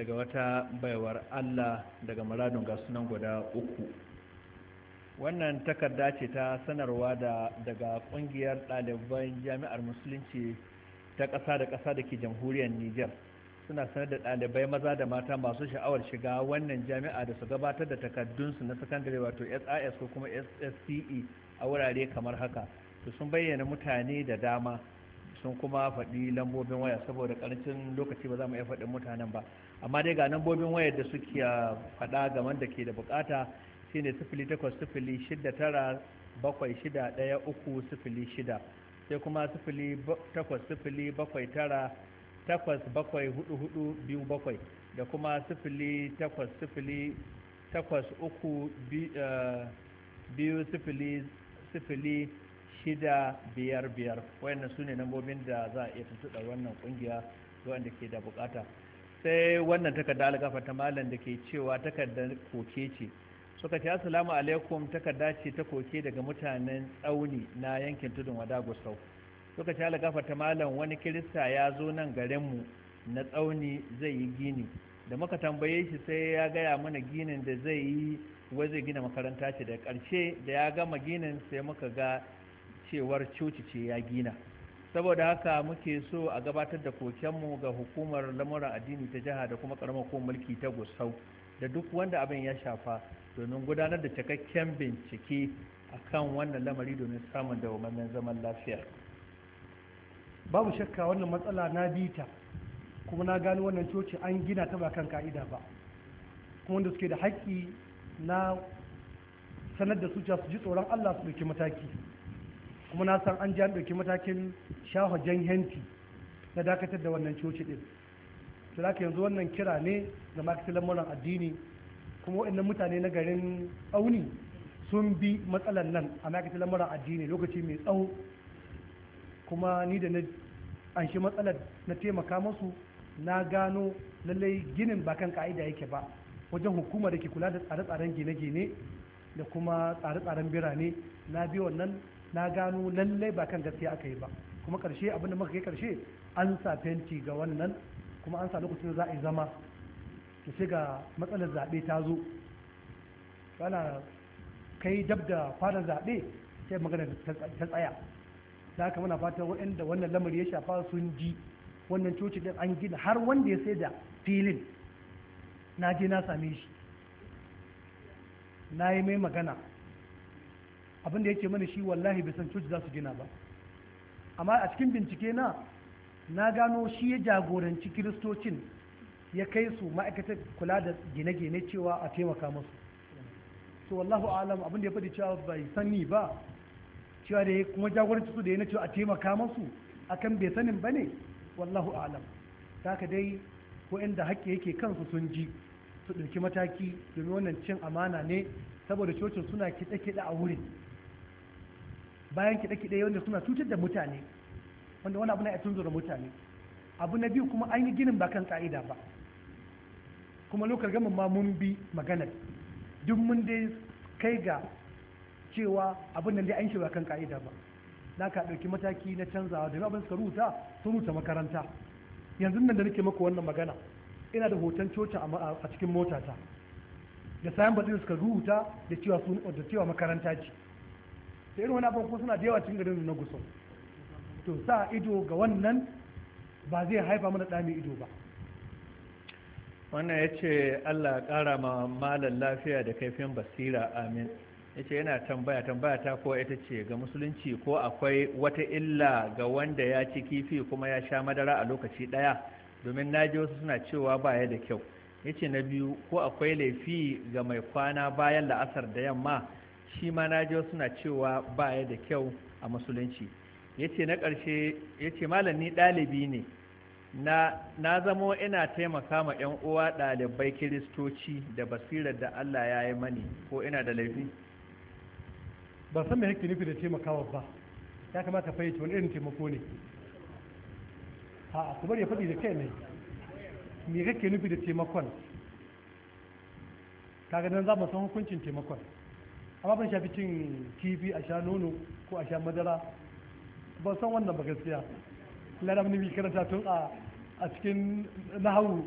daga wata baiwar Allah daga muradun gasunan guda uku wannan takarda ce ta sanarwa da daga ƙungiyar ɗaliban jami'ar musulunci ta ƙasa da ƙasa da ke jamhuriyar niger suna sanar da ɗalibai maza da mata masu sha'awar shiga wannan jami'a da su gabatar da takardunsu na sakandare wato sis ko kuma sse a wurare kamar haka to sun bayyana mutane da dama sun kuma faɗi lambobin waya saboda ƙarancin lokaci ba za mu iya faɗin mutanen ba amma dai ga lambobin wayar da suke ah, faɗa ga wanda ke da bukata shine sifili takwas sifili shida tara bakwai shida ɗaya uku sifili shida sai kuma sifili takwas sifili bakwai tara takwas bakwai hudu hudu biyu bakwai da kuma sifili takwas sifili takwas uku ah, biyu sifili sifili shida biyar biyar wayannan su ne nambobin da za a iya tuntuɗa wannan ƙungiya wanda ke da bukata sai wannan takarda alƙafa ta malam da ke cewa takarda koke ce suka ce assalamu alaikum takarda ce ta koke daga mutanen tsauni na yankin tudun wada gusau suka ce alƙafa ta malam wani kirista ya zo nan garinmu na tsauni zai yi gini da muka tambaye shi sai ya gaya mana ginin da zai yi wai zai gina makaranta ce da ƙarshe da ya gama ginin sai muka ga cewar coci ce ya gina saboda haka muke so a gabatar da kokenmu ga hukumar lamuran addini ta jiha da kuma karamar ko mulki ta gusau da duk wanda abin ya shafa domin gudanar da cikakken bincike a kan wannan lamari domin samun dawamammen zaman lafiya babu shakka wannan matsala na bita kuma na gano wannan coci an gina ta ba kan ka'ida ba kuma wanda suke da haƙƙi na sanar da su ji tsoron allah su ɗauki mataki kuma na san an ji an ɗauki matakin jan henti na dakatar da wannan coci ɗin to da yanzu wannan kira ne ga makasar lamuran addini kuma waɗannan mutane na garin auni sun bi matsalar nan a makasar lamuran addini lokaci mai tsawo kuma ni da na anshi matsalar na taimaka musu na gano lallai ginin ba kan ka'ida yake ba wajen hukumar da ke kula da tsare-tsaren gine-gine da kuma tsare-tsaren birane na bi wannan na gano lallai ba kan gaskiya aka yi ba kuma karshe abinda muka kai karshe an sa fenti ga wannan kuma an sa lokacin za a yi zama ta shiga matsalar zaɓe ta zo ana kai dab da fara zaɓe sai magana ta tsaya da haka muna fatan waɗanda wannan lamari ya shafa sun ji wannan coci ɗin an gina har wanda ya sai da filin na je na same shi na yi mai magana abinda da yake mana shi wallahi bai san coci za su gina ba amma a cikin bincike na na gano shi ya jagoranci kiristocin ya kai su ma'aikatar kula da gine-gine cewa a taimaka musu to wallahu alam abin da ya faɗi cewa bai sani ba cewa da kuma jagoranci su da ya na cewa a taimaka musu akan bai sanin ba ne wallahu alam ta dai ko inda haƙƙi yake kansu sun ji su ɗauki mataki domin wannan cin amana ne saboda cocin suna kiɗe-kiɗe a wurin bayan kiɗe-kiɗe wanda suna cutar da mutane wanda wani abu na yatsun tunzura mutane abu na biyu kuma an yi ginin ba kan ƙa'ida ba kuma lokar gama ma mun bi maganar duk mun dai kai ga cewa abin nan dai an shiga kan ƙa'ida ba na ka ɗauki mataki na canzawa da abin suka rubuta sun rubuta makaranta yanzu nan da nake maka wannan magana ina da hoton coci a cikin motata da sayan batun suka rubuta da cewa sun da cewa makaranta ce da irin wani abin kuma suna da yawa cikin garin na gusau to sa ido ga wannan ba zai haifa mana ɗamin ido ba wannan ya ce allah kara ma malar lafiya da kaifin basira amin ya ce yana tambaya tambaya ta ko ita ce ga musulunci ko akwai wata illa ga wanda ya ci kifi kuma ya sha madara a lokaci ɗaya domin na ji wasu suna cewa ba ya da kyau ya ce na biyu ko akwai laifi ga mai kwana bayan la'asar da yamma shi ma na ji wasu suna cewa ba ya da kyau a musulunci ya ce na ƙarshe ya malam ni ɗalibi ne na zamo ina taimaka ma 'yan uwa ɗalibai kiristoci da basirar da allah ya yi mani ko ina da laifi ba san me yake nufi da taimakawa ba ya kamata fahimci wani irin taimako ne a ku bari ya faɗi da kai ne me kake nufi da taimakon kaga nan za mu san hukuncin taimakon amma ban shafi cin kifi a sha nono ko a sha madara ban san wannan ba gaskiya laram ne bi karanta tun a a cikin nahawu